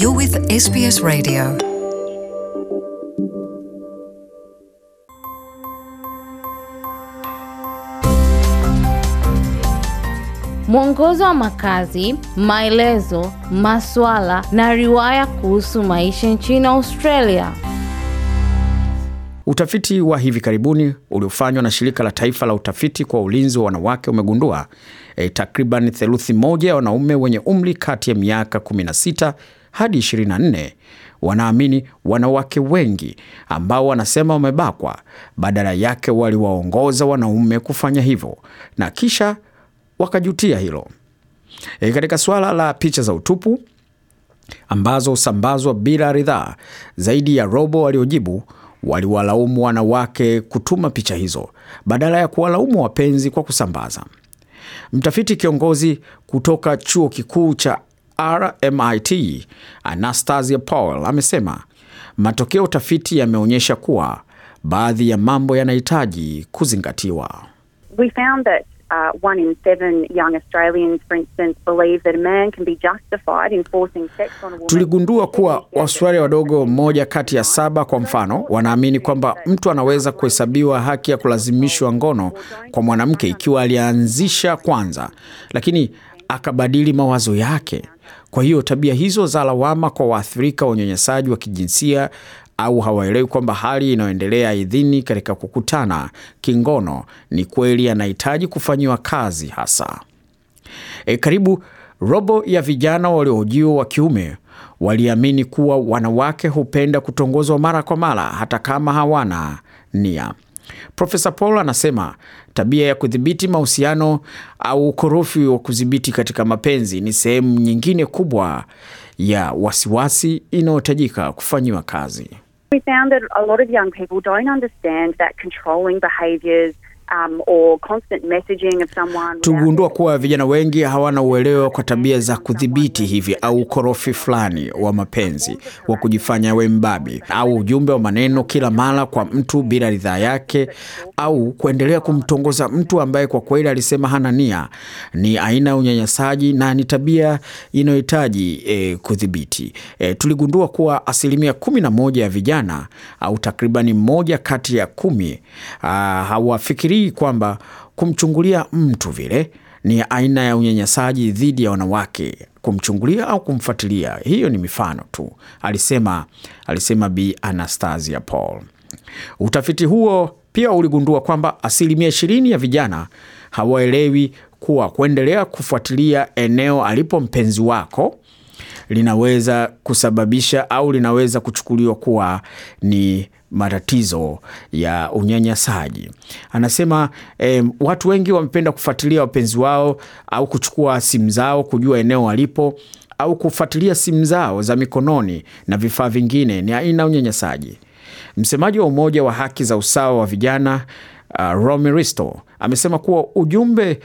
You're with SBS Radio. Mwongozo wa makazi, maelezo, maswala na riwaya kuhusu maisha nchini Australia. Utafiti wa hivi karibuni uliofanywa na shirika la taifa la utafiti kwa ulinzi wa wanawake umegundua e, takriban theluthi moja ya wanaume wenye umri kati ya miaka 16 hadi 24 wanaamini wanawake wengi ambao wanasema wamebakwa, badala yake waliwaongoza wanaume kufanya hivyo na kisha wakajutia hilo. E, katika suala la picha za utupu ambazo husambazwa bila ridhaa, zaidi ya robo waliojibu waliwalaumu wanawake kutuma picha hizo badala ya kuwalaumu wapenzi kwa kusambaza. Mtafiti kiongozi kutoka chuo kikuu cha RMIT Anastasia Powell amesema matokeo utafiti yameonyesha kuwa baadhi ya mambo yanahitaji kuzingatiwa. We found that Tuligundua kuwa Waustralia wadogo, moja kati ya saba kwa mfano, wanaamini kwamba mtu anaweza kuhesabiwa haki ya kulazimishwa ngono kwa mwanamke ikiwa alianzisha kwanza, lakini akabadili mawazo yake. Kwa hiyo tabia hizo za lawama kwa waathirika wa unyanyasaji wa kijinsia au hawaelewi kwamba hali inayoendelea idhini katika kukutana kingono ni kweli anahitaji kufanyiwa kazi hasa. E, karibu robo ya vijana waliohojiwa wa kiume waliamini kuwa wanawake hupenda kutongozwa mara kwa mara hata kama hawana nia. Profesa Paul anasema Tabia ya kudhibiti mahusiano au ukorofi wa kudhibiti katika mapenzi ni sehemu nyingine kubwa ya wasiwasi inayohitajika kufanyiwa kazi. We found that a lot of young people don't understand that controlling behaviors Um, or constant messaging of someone. Tugundua kuwa vijana wengi hawana uelewa kwa tabia za kudhibiti hivi au ukorofi fulani wa mapenzi wa kujifanya we mbabi au ujumbe wa maneno kila mara kwa mtu bila ridhaa yake au kuendelea kumtongoza mtu ambaye kwa kweli alisema hana nia. Ni aina ya unyanyasaji na ni tabia inayohitaji e, kudhibiti. e, tuligundua kuwa asilimia kumi na moja ya vijana au takribani mmoja kati ya kumi ah, hawafikiri hii kwamba kumchungulia mtu vile ni aina ya unyanyasaji dhidi ya wanawake. Kumchungulia au kumfuatilia, hiyo ni mifano tu, alisema, alisema Bi Anastasia Paul. Utafiti huo pia uligundua kwamba asilimia ishirini ya vijana hawaelewi kuwa kuendelea kufuatilia eneo alipo mpenzi wako linaweza kusababisha au linaweza kuchukuliwa kuwa ni matatizo ya unyanyasaji. Anasema eh, watu wengi wamependa kufuatilia wapenzi wao au kuchukua simu zao kujua eneo walipo au kufuatilia simu zao za mikononi na vifaa vingine ni aina ya unyanyasaji. Msemaji wa Umoja wa Haki za Usawa wa Vijana uh, Romy Risto amesema kuwa ujumbe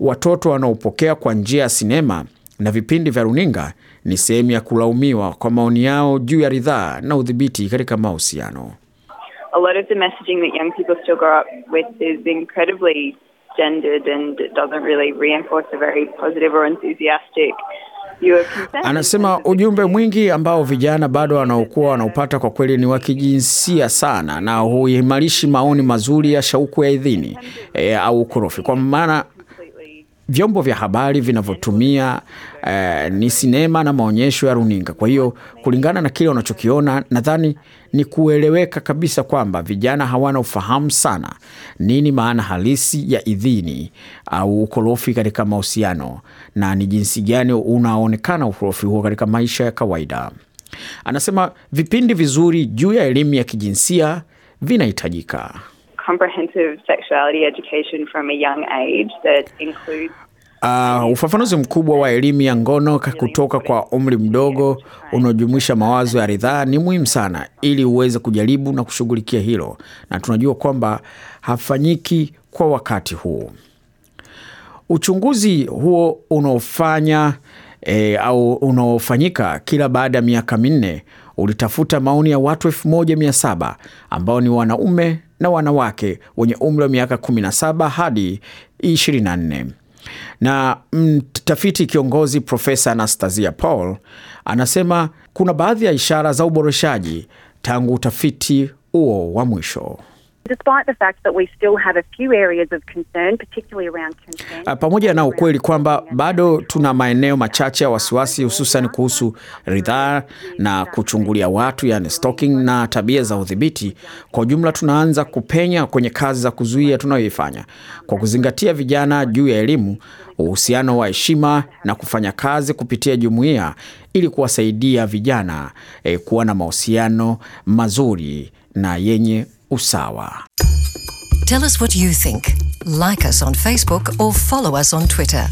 watoto wanaopokea kwa njia ya sinema na vipindi vya runinga ni sehemu ya kulaumiwa kwa maoni yao juu ya ridhaa na udhibiti katika mahusiano. Anasema ujumbe mwingi ambao vijana bado wanaokuwa wanaupata kwa kweli ni wa kijinsia sana, na huimarishi maoni mazuri ya shauku ya idhini e, au ukorofi kwa maana vyombo vya habari vinavyotumia eh, ni sinema na maonyesho ya runinga. Kwa hiyo kulingana na kile wanachokiona, nadhani ni kueleweka kabisa kwamba vijana hawana ufahamu sana nini maana halisi ya idhini au ukorofi katika mahusiano na ni jinsi gani unaonekana ukorofi huo katika maisha ya kawaida. Anasema vipindi vizuri juu ya elimu ya kijinsia vinahitajika comprehensive sexuality education from a young age that includes Uh, ufafanuzi mkubwa wa elimu ya ngono kutoka kwa umri mdogo unaojumuisha mawazo ya ridhaa ni muhimu sana ili uweze kujaribu na kushughulikia hilo, na tunajua kwamba hafanyiki kwa wakati huu. Uchunguzi huo unaofanya e, au unaofanyika kila baada ya miaka minne ulitafuta maoni ya watu 1700 ambao ni wanaume na wanawake wenye umri wa miaka 17 hadi 24 na mtafiti kiongozi Profesa Anastasia Paul anasema kuna baadhi ya ishara za uboreshaji tangu utafiti huo wa mwisho. Ah, pamoja na ukweli kwamba bado tuna maeneo machache ya wasiwasi, hususan kuhusu ridhaa na kuchungulia watu, yani stalking na tabia za udhibiti. Kwa ujumla, tunaanza kupenya kwenye kazi za kuzuia tunayoifanya kwa kuzingatia vijana juu ya elimu, uhusiano wa heshima na kufanya kazi kupitia jumuiya ili kuwasaidia vijana eh, kuwa na mahusiano mazuri na yenye usawa. Tell us what you think. Like us on Facebook or follow us on Twitter.